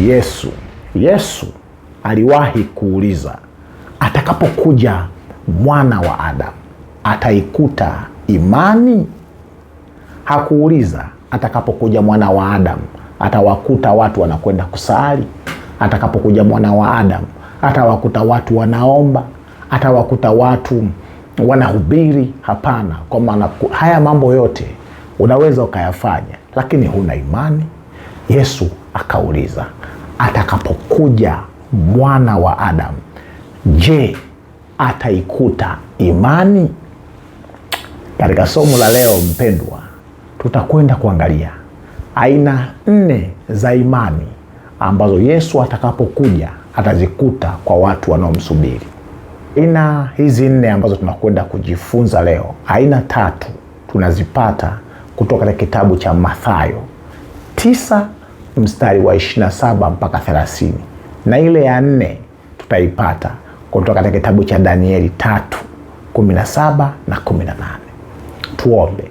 Yesu Yesu aliwahi kuuliza atakapokuja mwana wa Adamu ataikuta imani? Hakuuliza atakapokuja mwana wa Adamu atawakuta watu wanakwenda kusali? Atakapokuja mwana wa Adamu atawakuta watu wanaomba? Atawakuta watu wanahubiri? Hapana. Kwa maana haya mambo yote unaweza ukayafanya, lakini huna imani. Yesu akauliza, atakapokuja mwana wa Adamu, je, ataikuta imani? Katika somo la leo, mpendwa, tutakwenda kuangalia aina nne za imani ambazo Yesu atakapokuja atazikuta kwa watu wanaomsubiri. Aina hizi nne ambazo tunakwenda kujifunza leo, aina tatu tunazipata kutoka katika kitabu cha Mathayo tisa mstari wa 27 mpaka 30, na ile ya nne tutaipata kutoka katika kitabu cha Danieli tatu 17 na 18. Tuombe.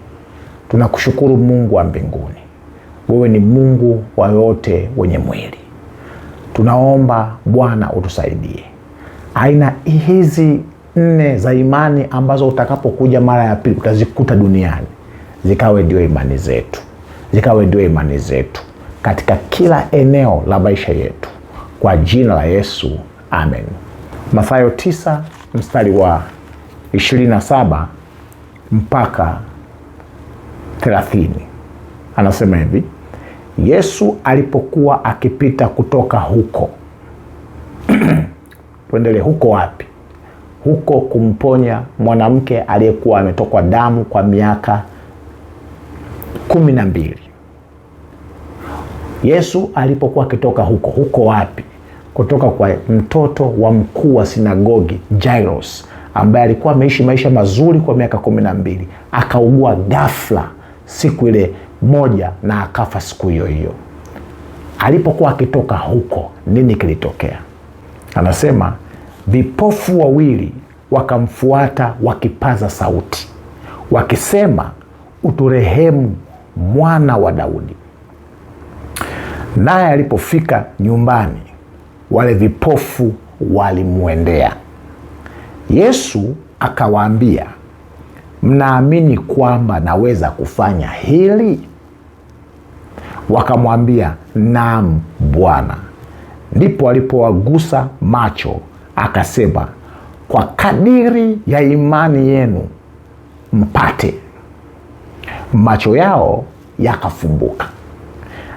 Tunakushukuru Mungu wa mbinguni, wewe ni Mungu wa yote wenye mwili. Tunaomba Bwana utusaidie aina hizi nne za imani ambazo utakapokuja mara ya pili utazikuta duniani, zikawe ndio imani zetu, zikawe ndio imani zetu katika kila eneo la maisha yetu kwa jina la Yesu, amen. Mathayo 9 mstari wa 27 mpaka 30 anasema hivi: Yesu alipokuwa akipita kutoka huko tuendelee huko wapi? Huko kumponya mwanamke aliyekuwa ametokwa damu kwa miaka kumi na mbili. Yesu alipokuwa akitoka huko huko, wapi? Kutoka kwa mtoto wa mkuu wa sinagogi Jairus, ambaye alikuwa ameishi maisha mazuri kwa miaka kumi na mbili, akaugua ghafla siku ile moja na akafa siku hiyo hiyo. Alipokuwa akitoka huko, nini kilitokea? Anasema vipofu wawili wakamfuata wakipaza sauti wakisema, uturehemu mwana wa Daudi. Naye alipofika nyumbani, wale vipofu walimwendea. Yesu akawaambia, mnaamini kwamba naweza kufanya hili? Wakamwambia, naam Bwana. Ndipo alipowagusa macho akasema, kwa kadiri ya imani yenu mpate. Macho yao yakafumbuka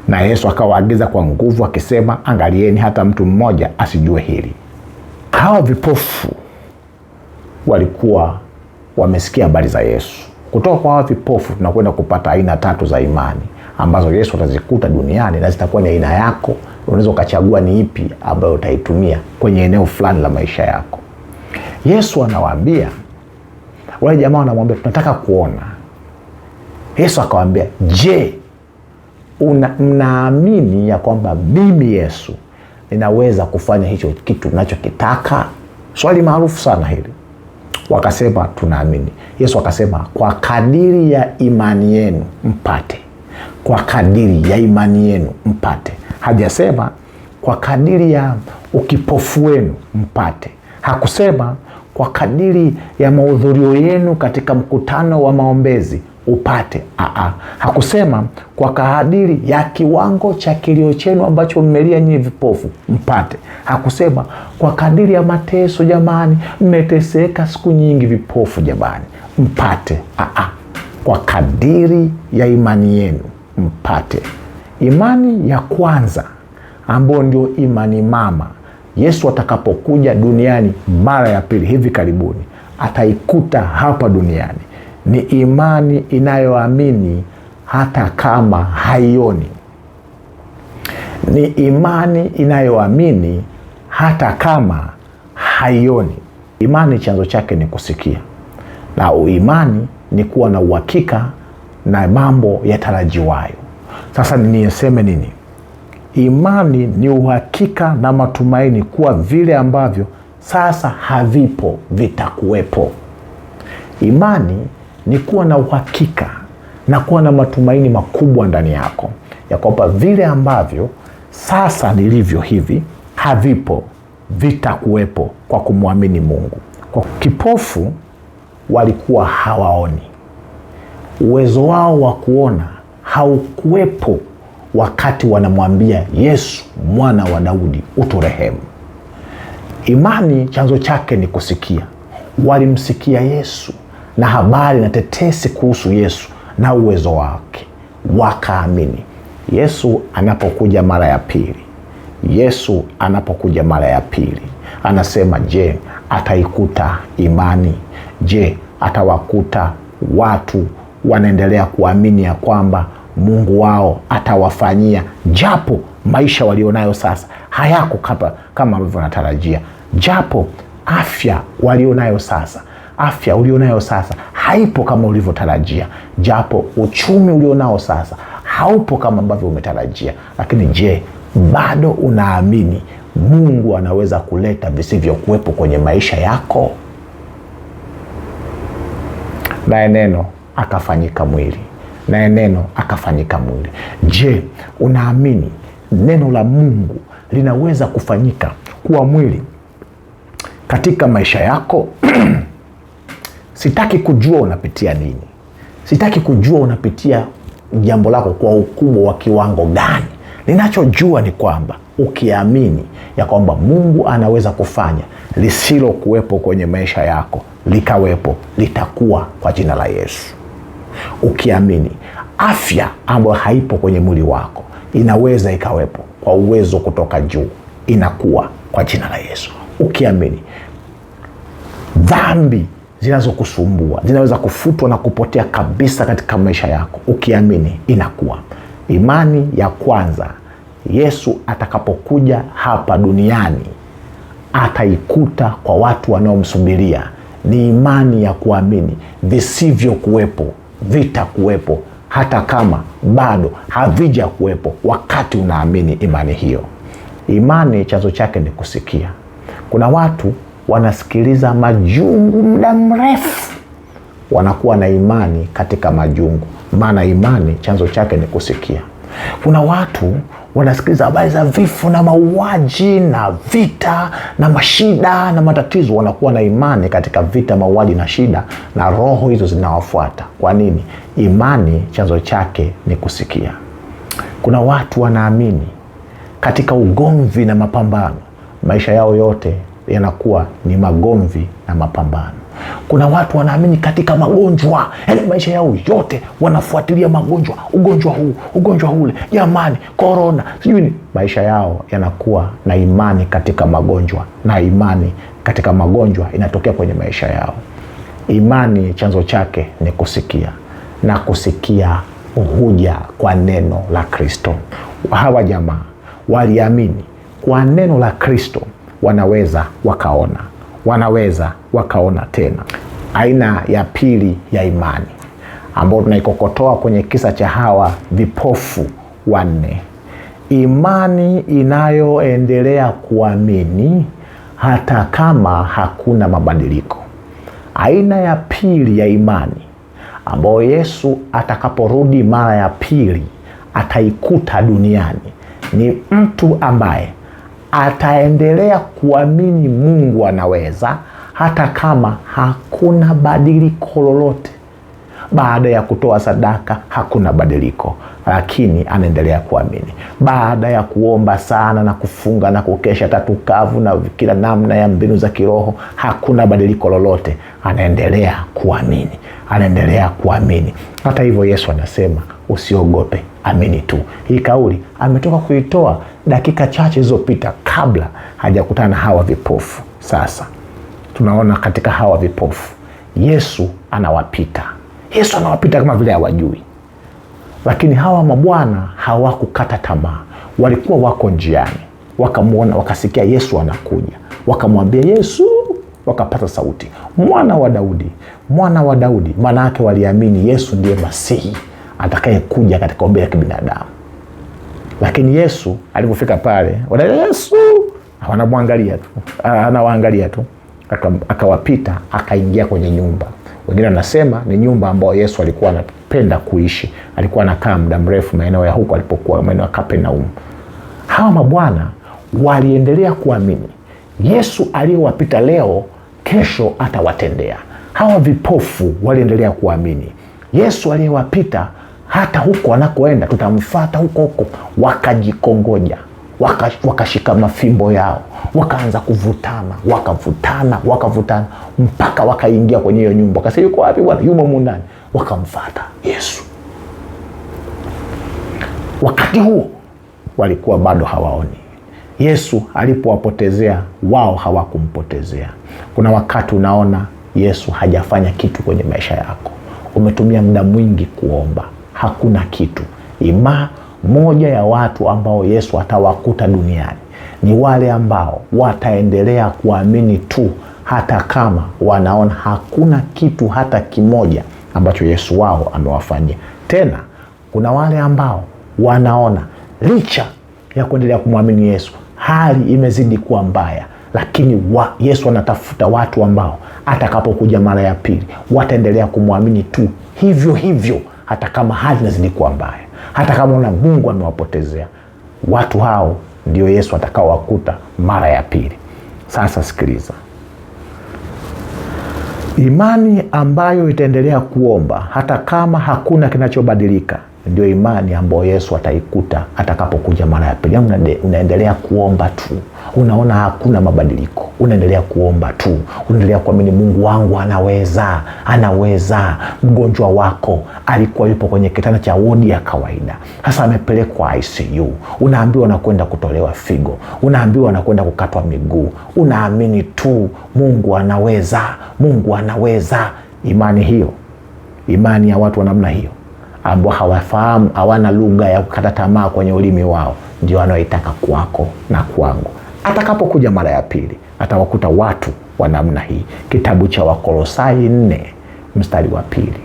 na Yesu akawaagiza kwa nguvu akisema, angalieni hata mtu mmoja asijue hili. Hawa vipofu walikuwa wamesikia habari za Yesu. Kutoka kwa hawa vipofu tunakwenda kupata aina tatu za imani ambazo Yesu atazikuta duniani na zitakuwa ni aina yako. Unaweza ukachagua ni ipi ambayo utaitumia kwenye eneo fulani la maisha yako. Yesu anawaambia wale jamaa, wanamwambia tunataka kuona. Yesu akawaambia, je, una, mnaamini ya kwamba mimi Yesu ninaweza kufanya hicho kitu nachokitaka? Swali maarufu sana hili. Wakasema tunaamini. Yesu akasema kwa kadiri ya imani yenu mpate, kwa kadiri ya imani yenu mpate. Hajasema kwa kadiri ya ukipofu wenu mpate. Hakusema kwa kadiri ya mahudhurio yenu katika mkutano wa maombezi upate. Aa, hakusema kwa kadiri ya kiwango cha kilio chenu ambacho mmelia nyinyi vipofu mpate. Hakusema kwa kadiri ya mateso, jamani, mmeteseka siku nyingi vipofu, jamani, mpate. Aa, kwa kadiri ya imani yenu mpate. Imani ya kwanza ambayo ndio imani mama, Yesu atakapokuja duniani mara ya pili hivi karibuni, ataikuta hapa duniani ni imani inayoamini hata kama haioni, ni imani inayoamini hata kama haioni. Imani chanzo chake ni kusikia, na imani ni kuwa na uhakika na mambo yatarajiwayo. Sasa niyeseme nini? Imani ni uhakika na matumaini kuwa vile ambavyo sasa havipo vitakuwepo. Imani ni kuwa na uhakika na kuwa na matumaini makubwa ndani yako ya kwamba vile ambavyo sasa nilivyo hivi havipo, vitakuwepo kwa kumwamini Mungu. Kwa kipofu walikuwa hawaoni, uwezo wao wa kuona haukuwepo wakati wanamwambia Yesu, mwana wa Daudi, uturehemu. Imani chanzo chake ni kusikia. Walimsikia Yesu na habari na tetesi kuhusu Yesu na uwezo wake, wakaamini. Yesu anapokuja mara ya pili, Yesu anapokuja mara ya pili, anasema je, ataikuta imani? Je, atawakuta watu wanaendelea kuamini ya kwamba Mungu wao atawafanyia, japo maisha walionayo sasa hayako kama ambavyo wanatarajia, japo afya walionayo sasa afya ulionayo sasa haipo kama ulivyotarajia, japo uchumi ulionao sasa haupo kama ambavyo umetarajia, lakini je, bado unaamini Mungu anaweza kuleta visivyokuwepo kwenye maisha yako? Naye neno akafanyika mwili, naye neno akafanyika mwili. Je, unaamini neno la Mungu linaweza kufanyika kuwa mwili katika maisha yako? Sitaki kujua unapitia nini, sitaki kujua unapitia jambo lako kwa ukubwa wa kiwango gani. Ninachojua ni kwamba ukiamini ya kwamba Mungu anaweza kufanya lisilokuwepo kwenye maisha yako likawepo, litakuwa kwa jina la Yesu. Ukiamini afya ambayo haipo kwenye mwili wako inaweza ikawepo kwa uwezo kutoka juu, inakuwa kwa jina la Yesu. Ukiamini dhambi zinazokusumbua zinaweza kufutwa na kupotea kabisa katika maisha yako ukiamini. Inakuwa imani ya kwanza. Yesu atakapokuja hapa duniani ataikuta kwa watu wanaomsubiria ni imani ya kuamini. Visivyo kuwepo vitakuwepo, hata kama bado havija kuwepo wakati unaamini imani hiyo. Imani chanzo chake ni kusikia. Kuna watu wanasikiliza majungu muda mrefu, wanakuwa na imani katika majungu, maana imani chanzo chake ni kusikia. Kuna watu wanasikiliza habari za vifo na mauaji na vita na mashida na matatizo, wanakuwa na imani katika vita, mauaji na shida, na roho hizo zinawafuata. Kwa nini? Imani chanzo chake ni kusikia. Kuna watu wanaamini katika ugomvi na mapambano, maisha yao yote yanakuwa ni magomvi na mapambano. Kuna watu wanaamini katika magonjwa, yaani maisha yao yote wanafuatilia magonjwa, ugonjwa huu, ugonjwa ule, jamani, korona, sijui maisha yao yanakuwa na imani katika magonjwa, na imani katika magonjwa inatokea kwenye maisha yao. Imani chanzo chake ni kusikia, na kusikia huja kwa neno la Kristo. Hawa jamaa waliamini kwa neno la Kristo wanaweza wakaona, wanaweza wakaona tena. Aina ya pili ya imani ambayo tunaikokotoa kwenye kisa cha hawa vipofu wanne, imani inayoendelea kuamini hata kama hakuna mabadiliko. Aina ya pili ya imani ambayo Yesu atakaporudi mara ya pili ataikuta duniani ni mtu ambaye ataendelea kuamini Mungu anaweza hata kama hakuna badiliko lolote. Baada ya kutoa sadaka hakuna badiliko, lakini anaendelea kuamini. Baada ya kuomba sana na kufunga na kukesha tatukavu na kila namna ya mbinu za kiroho, hakuna badiliko lolote, anaendelea kuamini, anaendelea kuamini. Hata hivyo, Yesu anasema usiogope, amini tu. Hii kauli ametoka kuitoa dakika chache zilizopita kabla hajakutana na hawa vipofu. Sasa tunaona katika hawa vipofu Yesu anawapita, Yesu anawapita kama vile hawajui, lakini hawa mabwana hawakukata tamaa, walikuwa wako njiani, wakamwona, wakasikia Yesu anakuja, wakamwambia Yesu, wakapata sauti, mwana wa Daudi, mwana wa Daudi. Maana yake waliamini Yesu ndiye Masihi atakayekuja katika ombi ya kibinadamu. Lakini Yesu alipofika pale, wana Yesu wanamwangalia tu, anawaangalia tu, akawapita akaingia kwenye nyumba. Wengine wanasema ni nyumba ambayo Yesu alikuwa anapenda kuishi, alikuwa anakaa muda mrefu maeneo ya huko alipokuwa, maeneo ya Kapernaum. Hawa mabwana waliendelea kuamini Yesu aliyewapita leo, kesho atawatendea. Hawa vipofu waliendelea kuamini Yesu aliyewapita hata huko anakoenda tutamfata huko huko. Wakajikongoja, wakashika waka mafimbo yao, wakaanza kuvutana, wakavutana, wakavutana mpaka wakaingia kwenye hiyo nyumba. Kasa yuko wapi bwana? Yumo mundani. Wakamfata Yesu. Wakati huo walikuwa bado hawaoni. Yesu alipowapotezea wao hawakumpotezea. Kuna wakati unaona Yesu hajafanya kitu kwenye maisha yako, umetumia muda mwingi kuomba hakuna kitu. Ima moja ya watu ambao Yesu atawakuta duniani ni wale ambao wataendelea kuamini tu hata kama wanaona hakuna kitu hata kimoja ambacho Yesu wao amewafanyia. Tena kuna wale ambao wanaona licha ya kuendelea kumwamini Yesu hali imezidi kuwa mbaya, lakini wa, Yesu anatafuta watu ambao atakapokuja mara ya pili wataendelea kumwamini tu hivyo hivyo hata kama hali inazidi kuwa mbaya, hata kama una Mungu amewapotezea watu hao, ndio Yesu atakaowakuta mara ya pili. Sasa sikiliza, imani ambayo itaendelea kuomba hata kama hakuna kinachobadilika ndio imani ambayo Yesu ataikuta atakapokuja mara ya pili. Yaani unaendelea kuomba tu, unaona hakuna mabadiliko, unaendelea kuomba tu, unaendelea kuamini, Mungu wangu anaweza, anaweza. Mgonjwa wako alikuwa yupo kwenye kitanda cha wodi ya kawaida, sasa amepelekwa ICU, unaambiwa anakwenda kutolewa figo, unaambiwa anakwenda kukatwa miguu, unaamini tu, Mungu anaweza, Mungu anaweza. Imani hiyo, imani ya watu wa namna hiyo ambao hawafahamu, hawana lugha ya kukata tamaa kwenye ulimi wao, ndio wanaoitaka kwako na kwangu. Atakapokuja mara ya pili atawakuta watu wa namna hii. Kitabu cha Wakolosai nne mstari wa pili.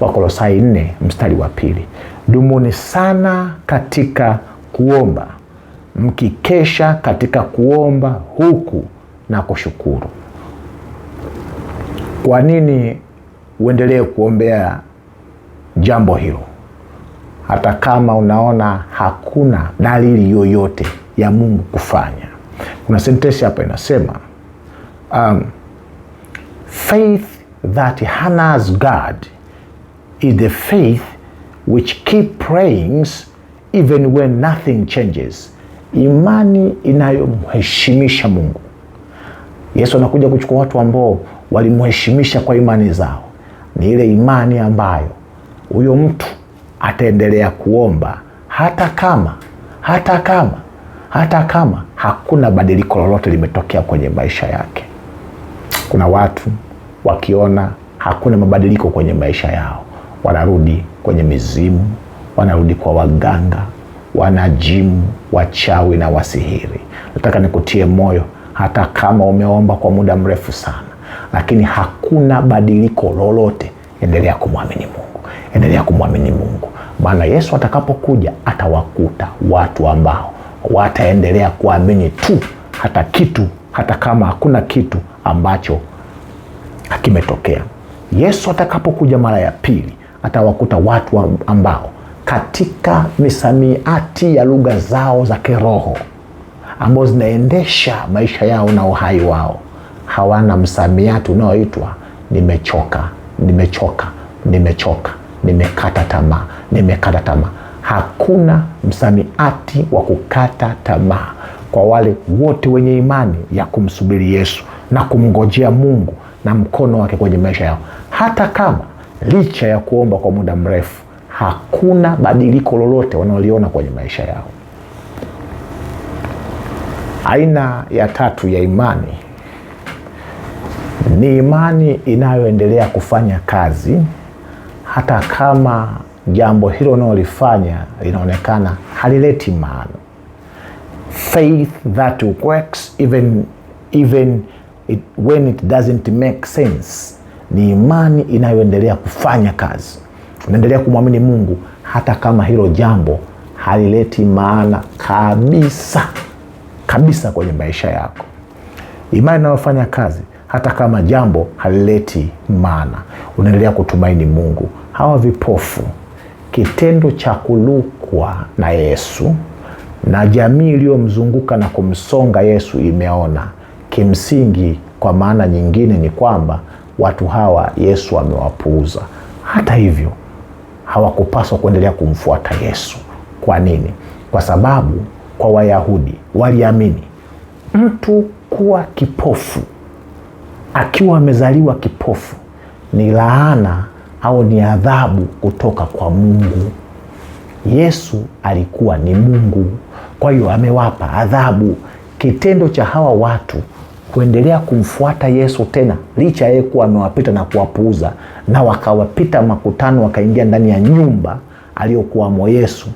Wakolosai nne mstari wa pili. Dumuni sana katika kuomba, mkikesha katika kuomba huku na kushukuru. Kwa nini uendelee kuombea jambo hilo, hata kama unaona hakuna dalili yoyote ya Mungu kufanya. Kuna sentensi hapa inasema um, faith that hanas God is the faith which keep prays even when nothing changes, imani inayomheshimisha Mungu. Yesu anakuja kuchukua watu ambao walimheshimisha kwa imani zao, ni ile imani ambayo huyo mtu ataendelea kuomba hata kama hata kama hata kama hakuna badiliko lolote limetokea kwenye maisha yake. Kuna watu wakiona hakuna mabadiliko kwenye maisha yao, wanarudi kwenye mizimu, wanarudi kwa waganga, wanajimu, wachawi na wasihiri. Nataka nikutie moyo, hata kama umeomba kwa muda mrefu sana, lakini hakuna badiliko lolote, endelea kumwamini Mungu endelea kumwamini Mungu, maana Yesu atakapokuja atawakuta watu ambao wataendelea kuamini tu hata kitu hata kama hakuna kitu ambacho kimetokea. Yesu atakapokuja mara ya pili atawakuta watu ambao katika misamiati ya lugha zao za kiroho ambao zinaendesha maisha yao na uhai wao hawana msamiati unaoitwa nimechoka, nimechoka, nimechoka nimekata tamaa, nimekata tamaa. Hakuna msamiati wa kukata tamaa kwa wale wote wenye imani ya kumsubiri Yesu na kumngojea Mungu na mkono wake kwenye maisha yao, hata kama licha ya kuomba kwa muda mrefu hakuna badiliko lolote wanaoliona kwenye maisha yao. Aina ya tatu ya imani ni imani inayoendelea kufanya kazi hata kama jambo hilo unaolifanya linaonekana halileti maana. Faith that works even, even it, when it doesn't make sense, ni imani inayoendelea kufanya kazi. Unaendelea kumwamini Mungu hata kama hilo jambo halileti maana kabisa kabisa kwenye maisha yako. Imani inayofanya kazi hata kama jambo halileti maana, unaendelea kutumaini Mungu. Hawa vipofu, kitendo cha kulukwa na Yesu na jamii iliyomzunguka na kumsonga Yesu imeona kimsingi. Kwa maana nyingine ni kwamba watu hawa Yesu amewapuuza. Hata hivyo, hawakupaswa kuendelea kumfuata Yesu. Kwa nini? Kwa sababu kwa Wayahudi waliamini mtu kuwa kipofu akiwa amezaliwa kipofu ni laana au ni adhabu kutoka kwa Mungu. Yesu alikuwa ni Mungu, kwa hiyo amewapa adhabu. Kitendo cha hawa watu kuendelea kumfuata Yesu tena licha yeye kuwa amewapita na kuwapuuza, na wakawapita makutano, wakaingia ndani ya nyumba aliyokuwamo Yesu,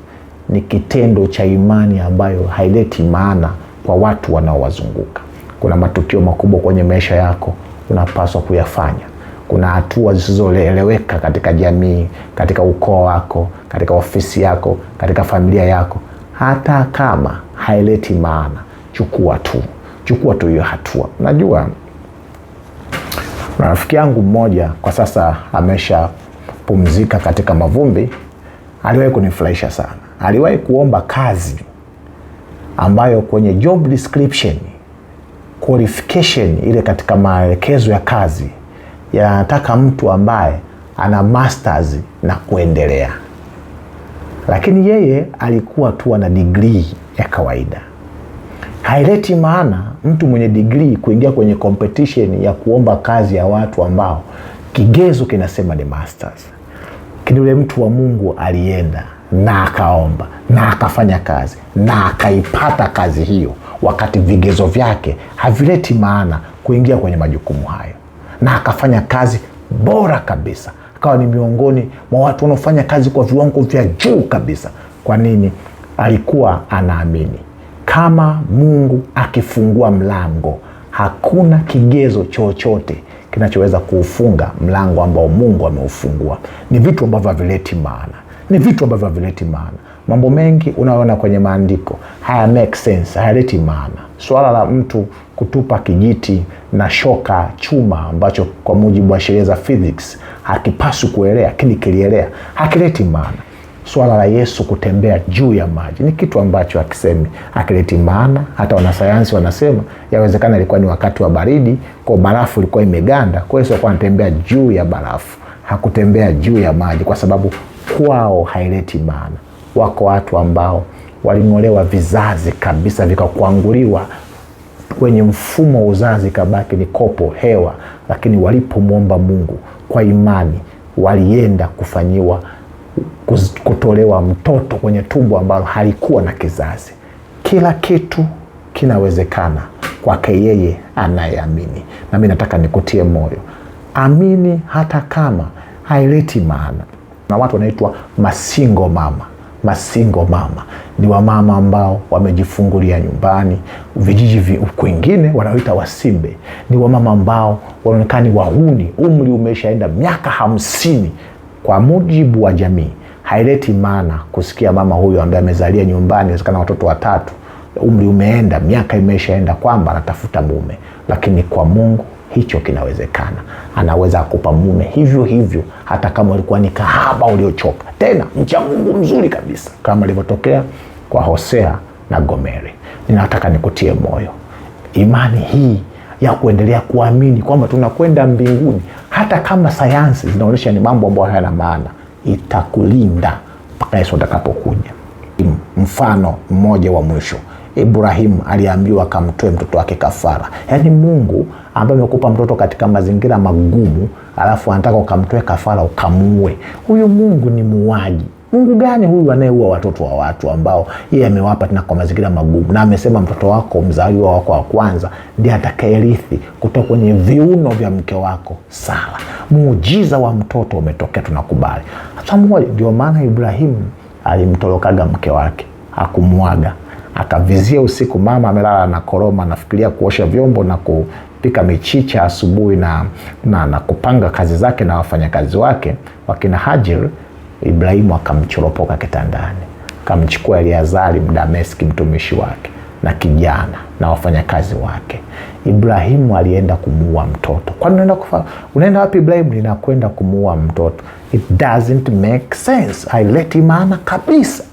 ni kitendo cha imani ambayo haileti maana kwa watu wanaowazunguka. Kuna matukio makubwa kwenye maisha yako unapaswa kuyafanya. Kuna hatua zisizoeleweka katika jamii, katika ukoo wako, katika ofisi yako, katika familia yako, hata kama haileti maana, chukua tu, chukua tu hiyo hatua. najua rafiki yangu mmoja kwa sasa ameshapumzika katika mavumbi, aliwahi kunifurahisha sana. Aliwahi kuomba kazi ambayo kwenye job description qualification ile katika maelekezo ya kazi yanataka mtu ambaye ana masters na kuendelea, lakini yeye alikuwa tu ana degree ya kawaida. Haileti maana mtu mwenye degree kuingia kwenye competition ya kuomba kazi ya watu ambao kigezo kinasema ni masters. Lakini yule mtu wa Mungu alienda na akaomba na akafanya kazi na akaipata kazi hiyo wakati vigezo vyake havileti maana kuingia kwenye majukumu hayo, na akafanya kazi bora kabisa, akawa ni miongoni mwa watu wanaofanya kazi kwa viwango vya juu kabisa. Kwa nini? Alikuwa anaamini kama Mungu akifungua mlango, hakuna kigezo chochote kinachoweza kuufunga mlango ambao Mungu ameufungua. Ni vitu ambavyo havileti maana, ni vitu ambavyo havileti maana Mambo mengi unayoona kwenye maandiko haya make sense, hayaleti maana. Swala la mtu kutupa kijiti na shoka chuma, ambacho kwa mujibu wa sheria za physics hakipaswi kuelea, lakini kilielea, hakileti maana. Swala la Yesu kutembea juu ya maji ni kitu ambacho akisemi hakileti maana. Hata wanasayansi wanasema yawezekana ilikuwa ni wakati wa baridi, kwa barafu ilikuwa imeganda, kwa yesu alikuwa anatembea juu ya barafu, hakutembea juu ya maji, kwa sababu kwao haileti maana wako watu ambao waling'olewa vizazi kabisa vikakuanguliwa kwenye mfumo wa uzazi kabaki ni kopo hewa, lakini walipomwomba Mungu kwa imani walienda kufanyiwa kutolewa mtoto kwenye tumbo ambalo halikuwa na kizazi. Kila kitu kinawezekana kwake yeye anayeamini. Na mimi nataka nikutie moyo, amini hata kama haileti maana. Na watu wanaitwa masingo mama masingo mama ni wamama ambao wamejifungulia nyumbani, vijiji kwingine wanaoita wasimbe. Ni wamama ambao wanaonekana wahuni, umri umeshaenda miaka hamsini. Kwa mujibu wa jamii, haileti maana kusikia mama huyu ambaye amezalia nyumbani, wezekana watoto watatu, umri umeenda, miaka imeshaenda, kwamba anatafuta mume, lakini kwa Mungu hicho kinawezekana. Anaweza akupa mume hivyo hivyo, hata kama ulikuwa ni kahaba uliochoka, tena mcha Mungu mzuri kabisa, kama ilivyotokea kwa Hosea na Gomeri. Ninataka nikutie moyo imani hii ya kuendelea kuamini kwamba tunakwenda mbinguni, hata kama sayansi zinaonyesha ni mambo ambayo hayana maana, itakulinda mpaka Yesu atakapokuja. Mfano mmoja wa mwisho, Ibrahimu aliambiwa akamtoe mtoto wake kafara, yaani Mungu ambaye amekupa mtoto katika mazingira magumu, alafu anataka ukamtoe kafara ukamuue. Huyu Mungu ni muwaji Mungu gani huyu anayeua watoto wa watu ambao yeye amewapa tena kwa mazingira magumu? Na amesema mtoto wako mzaliwa wako wa kwanza ndiye atakayerithi kutoka kwenye viuno vya mke wako Sara. Muujiza wa mtoto umetokea, tunakubali. Samueli, ndio maana Ibrahimu alimtorokaga mke wake akumwaga akavizia usiku, mama amelala na koroma, anafikiria kuosha vyombo na ku, katika michicha asubuhi na, na, na kupanga kazi zake na wafanyakazi wake wakina Hajir, Ibrahimu akamchoropoka kitandani, kamchukua Eleazari Mdameski mtumishi wake na kijana na wafanyakazi wake. Ibrahimu alienda kumuua mtoto. Kwani unaenda kufa? Unaenda wapi Ibrahimu? Ninakwenda kumuua mtoto. It doesn't make sense, haileti maana kabisa.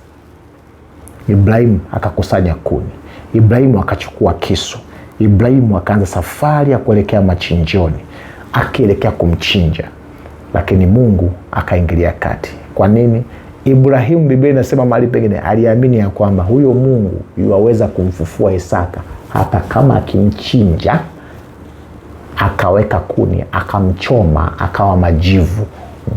Ibrahimu akakusanya kuni. Ibrahimu akachukua kisu Ibrahimu akaanza safari ya kuelekea machinjoni akielekea kumchinja, lakini Mungu akaingilia kati. Kwa nini? Ibrahimu, Biblia inasema mahali pengine, aliamini ya kwamba huyo Mungu yuwaweza kumfufua Isaka hata kama akimchinja. Akaweka kuni, akamchoma, akawa majivu.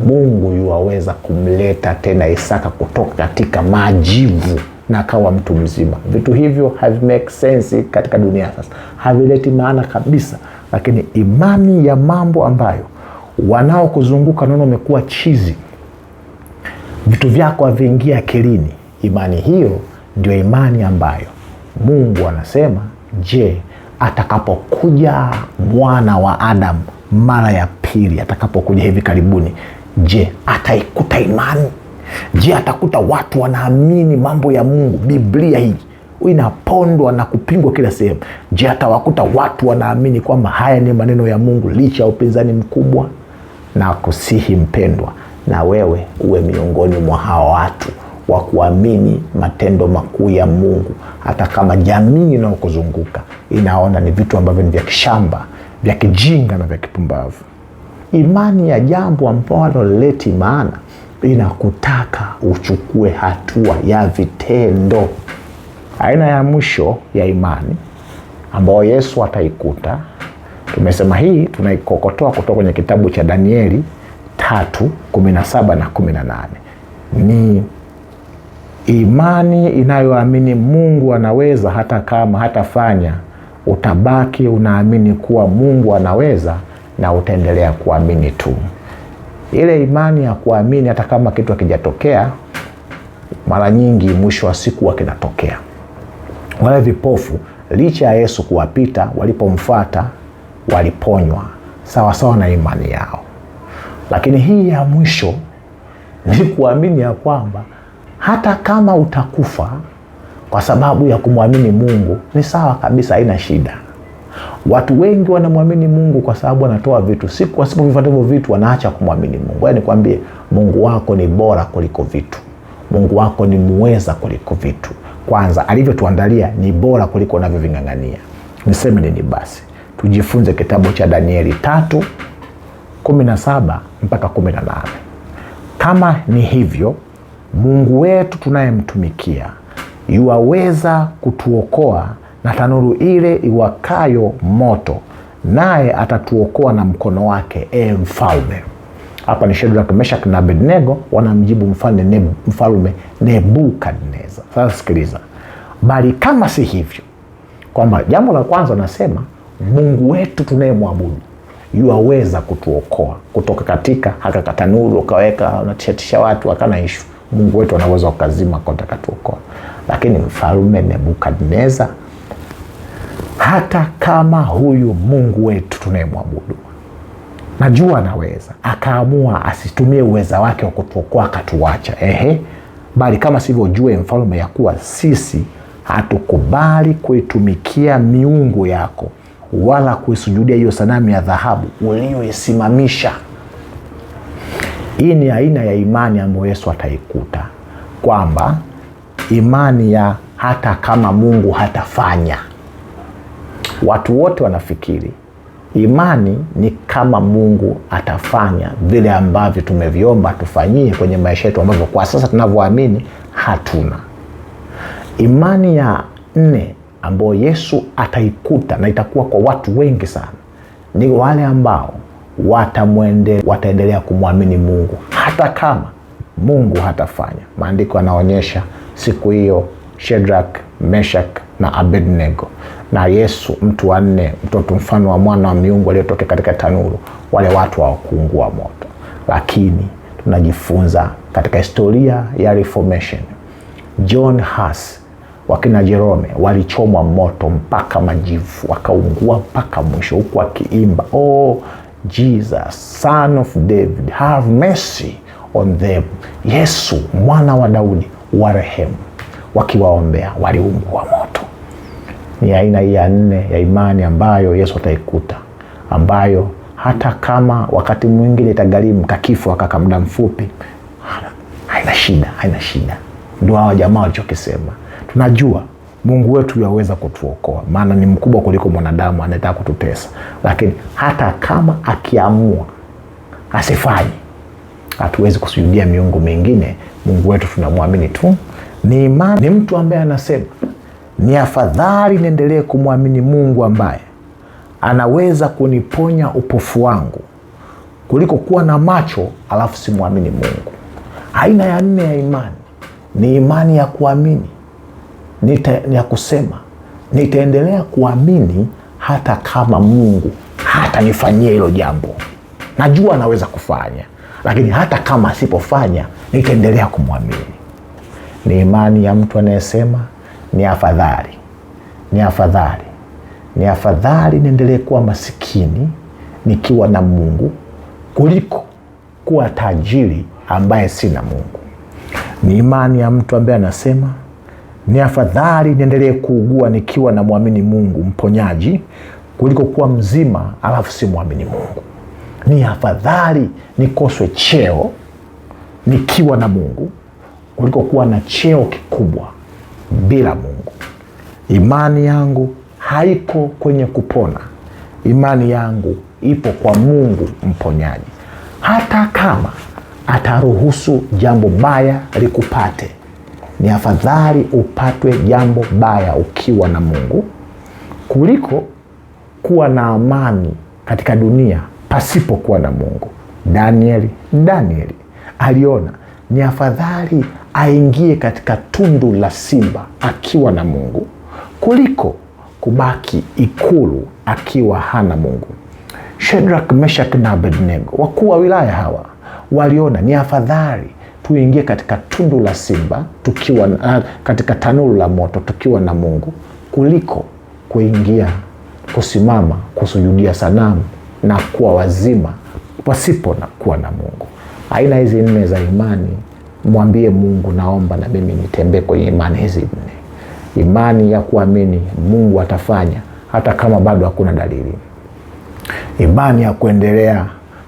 Mungu yuwaweza kumleta tena Isaka kutoka katika majivu na akawa mtu mzima. Vitu hivyo havi make sense katika dunia sasa, havileti maana kabisa, lakini imani ya mambo ambayo wanaokuzunguka naona umekuwa chizi, vitu vyako haviingia akilini, imani hiyo ndio imani ambayo Mungu anasema, je, atakapokuja mwana wa Adamu mara ya pili, atakapokuja hivi karibuni, je, ataikuta imani Je, atakuta watu wanaamini mambo ya Mungu, Biblia hii inapondwa na kupingwa kila sehemu. Je, atawakuta watu wanaamini kwamba haya ni maneno ya Mungu licha ya upinzani mkubwa? Na kusihi mpendwa, na wewe uwe miongoni mwa hawa watu wa kuamini matendo makuu ya Mungu, hata kama jamii inayokuzunguka inaona ni vitu ambavyo ni vya kishamba, vya kijinga na vya kipumbavu. Imani ya jambo ambalo lileti maana inakutaka uchukue hatua ya vitendo. Aina ya mwisho ya imani ambayo Yesu ataikuta, tumesema hii tunaikokotoa kutoka kwenye kitabu cha Danieli tatu kumi na saba na kumi na nane ni imani inayoamini Mungu anaweza hata kama hatafanya. Utabaki unaamini kuwa Mungu anaweza na utaendelea kuamini tu ile imani ya kuamini hata kama kitu hakijatokea, mara nyingi mwisho wa siku wakinatokea. Wale vipofu licha ya Yesu kuwapita, walipomfuata waliponywa sawasawa sawa na imani yao. Lakini hii ya mwisho ni kuamini ya kwamba hata kama utakufa kwa sababu ya kumwamini Mungu ni sawa kabisa, haina shida. Watu wengi wanamwamini Mungu kwa sababu anatoa vitu, siku wasipovifuata hivyo vitu wanaacha kumwamini Mungu. Yaani nikwambie, Mungu wako ni bora kuliko vitu, Mungu wako ni muweza kuliko vitu. Kwanza alivyotuandalia ni bora kuliko unavyoving'ang'ania. Niseme nini basi? Tujifunze kitabu cha Danieli tatu kumi na saba mpaka kumi na nane. Kama ni hivyo, Mungu wetu tunayemtumikia yuwaweza kutuokoa na tanuru ile iwakayo moto, naye atatuokoa na mkono wake, e mfalme. Hapa ni Shadraka, Meshaki na Abednego wanamjibu mfalme, ne, mfalme Nebukadneza. Sasa sikiliza, bali kama si hivyo, kwamba jambo la kwanza anasema Mungu wetu tunayemwabudu yuwaweza kutuokoa kutoka katika haka tanuru, ukaweka unatishatisha watu, akana ishu. Mungu wetu anaweza kukazima, akatuokoa. Lakini mfalme Nebukadneza hata kama huyu Mungu wetu tunayemwabudu najua anaweza akaamua asitumie uweza wake wa kutuokoa akatuacha, ehe, bali kama sivyo jue mfalme ya kuwa sisi hatukubali kuitumikia miungu yako wala kuisujudia hiyo sanamu ya dhahabu uliyoisimamisha. Hii ni aina ya imani ambayo Yesu ataikuta kwamba imani ya hata kama Mungu hatafanya Watu wote wanafikiri imani ni kama Mungu atafanya vile ambavyo tumeviomba tufanyie kwenye maisha yetu ambavyo kwa sasa tunavyoamini hatuna. Imani ya nne ambayo Yesu ataikuta na itakuwa kwa watu wengi sana ni wale ambao watamwende, wataendelea kumwamini Mungu hata kama Mungu hatafanya. Maandiko yanaonyesha siku hiyo shedrak meshak na Abednego na Yesu mtu wa nne, mtoto mfano wa mwana wa miungu aliyetoka katika tanuru. Wale watu hawakuungua moto, lakini tunajifunza katika historia ya Reformation, John Huss wakina Jerome walichomwa moto mpaka majivu, wakaungua mpaka mwisho, huku wakiimba oh, Jesus son of David have mercy on them, Yesu mwana wa Daudi warehemu, wakiwaombea waliungua moto ni aina hii ya nne ya imani ambayo Yesu ataikuta, ambayo hata kama wakati mwingine itagharimu kakifo kaka muda mfupi, haina shida, haina shida. Ndio hawa jamaa walichokisema, tunajua Mungu wetu yaweza kutuokoa, maana ni mkubwa kuliko mwanadamu anayetaka kututesa. Lakini hata kama akiamua asifanye, hatuwezi kusujudia miungu mingine. Mungu wetu tunamwamini tu. Ni imani, ni mtu ambaye anasema ni afadhali niendelee kumwamini Mungu ambaye anaweza kuniponya upofu wangu kuliko kuwa na macho alafu simwamini Mungu. Aina ya nne ya imani ni imani ya kuamini nita, ya kusema nitaendelea kuamini hata kama Mungu hata nifanyie hilo jambo, najua anaweza kufanya, lakini hata kama asipofanya nitaendelea kumwamini. Ni imani ya mtu anayesema ni afadhali, ni afadhali, ni afadhali niendelee kuwa masikini nikiwa na Mungu kuliko kuwa tajiri ambaye sina Mungu. Ni imani ya mtu ambaye anasema ni afadhali niendelee kuugua nikiwa na mwamini Mungu mponyaji kuliko kuwa mzima alafu mwamini Mungu. Ni afadhali nikoswe cheo nikiwa na Mungu kuliko kuwa na cheo kikubwa bila Mungu. Imani yangu haiko kwenye kupona, imani yangu ipo kwa Mungu mponyaji. Hata kama ataruhusu jambo baya likupate, ni afadhali upatwe jambo baya ukiwa na Mungu kuliko kuwa na amani katika dunia pasipokuwa na Mungu. Danieli Danieli aliona ni afadhali aingie katika tundu la simba akiwa na Mungu kuliko kubaki ikulu akiwa hana Mungu. shedrak meshak na Abednego, wakuu wa wilaya hawa waliona ni afadhali tuingie katika tundu la simba tukiwa uh, katika tanuru la moto tukiwa na Mungu kuliko kuingia kusimama kusujudia sanamu na kuwa wazima pasipo na kuwa na Mungu aina hizi nne za imani, mwambie Mungu, naomba na mimi nitembee kwenye imani hizi nne. Imani ya kuamini Mungu atafanya hata kama bado hakuna dalili, imani ya kuendelea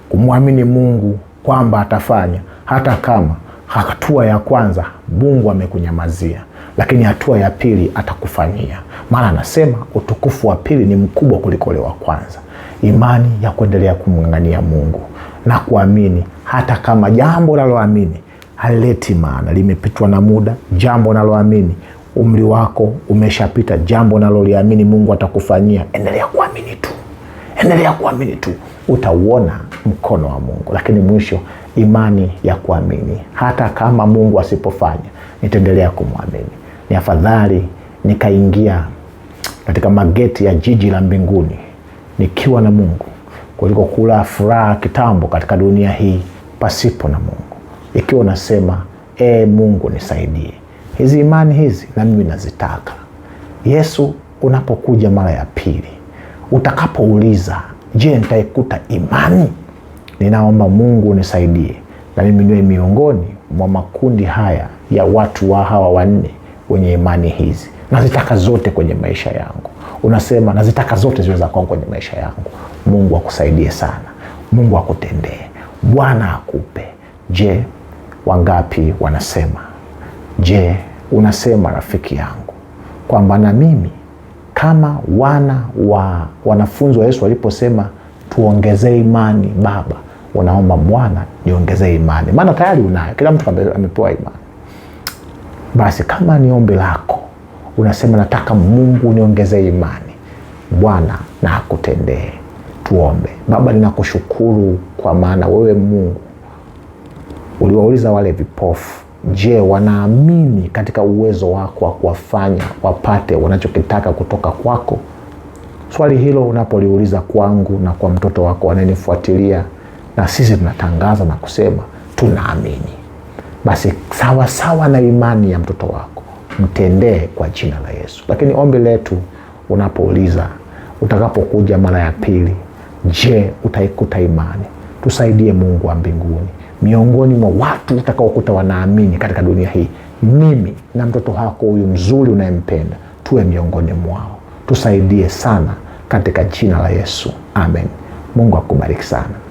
kumwamini Mungu kwamba atafanya hata kama hatua ya kwanza Mungu amekunyamazia, lakini hatua ya pili atakufanyia, maana anasema utukufu wa pili ni mkubwa kuliko ule wa kwanza. Imani ya kuendelea kumng'ang'ania Mungu na kuamini hata kama jambo naloamini haleti maana, limepitwa na muda, jambo naloamini umri wako umeshapita, jambo naloliamini Mungu atakufanyia, endelea kuamini tu, endelea kuamini tu, utauona mkono wa Mungu. Lakini mwisho, imani ya kuamini, hata kama Mungu asipofanya, nitaendelea kumwamini. Ni afadhali nikaingia katika mageti ya jiji la mbinguni nikiwa na Mungu kuliko kula furaha kitambo katika dunia hii pasipo na Mungu. Ikiwa unasema e, Mungu nisaidie, hizi imani hizi na mimi nazitaka. Yesu unapokuja mara ya pili, utakapouliza je, nitaikuta imani? Ninaomba Mungu unisaidie na mimi niwe miongoni mwa makundi haya ya watu wa hawa wanne wenye imani hizi, nazitaka zote kwenye maisha yangu. Unasema nazitaka zote ziwe za kwangu kwenye maisha yangu. Mungu akusaidie sana, Mungu akutendee. Bwana akupe. Je, wangapi wanasema? Je, unasema rafiki yangu kwamba na mimi kama wana wa wanafunzi wa Yesu waliposema tuongezee imani Baba, unaomba Bwana niongezee imani, maana tayari unayo, kila mtu amepewa imani. Basi kama ni ombi lako, unasema nataka Mungu niongezee imani, Bwana na akutendee. Tuombe. Baba, ninakushukuru kwa maana wewe Mungu uliwauliza wale vipofu, je, wanaamini katika uwezo wako wa kuwafanya wapate wanachokitaka kutoka kwako? Swali hilo unapoliuliza kwangu na kwa mtoto wako anayenifuatilia, na sisi tunatangaza na kusema tunaamini. Basi sawasawa sawa na imani ya mtoto wako mtendee kwa jina la Yesu. Lakini ombi letu unapouliza, utakapokuja mara ya pili, je, utaikuta imani? tusaidie Mungu wa mbinguni, miongoni mwa watu utakaokuta wanaamini katika dunia hii, mimi na mtoto wako huyu mzuri unayempenda tuwe miongoni mwao, tusaidie sana katika jina la Yesu, amen. Mungu akubariki sana.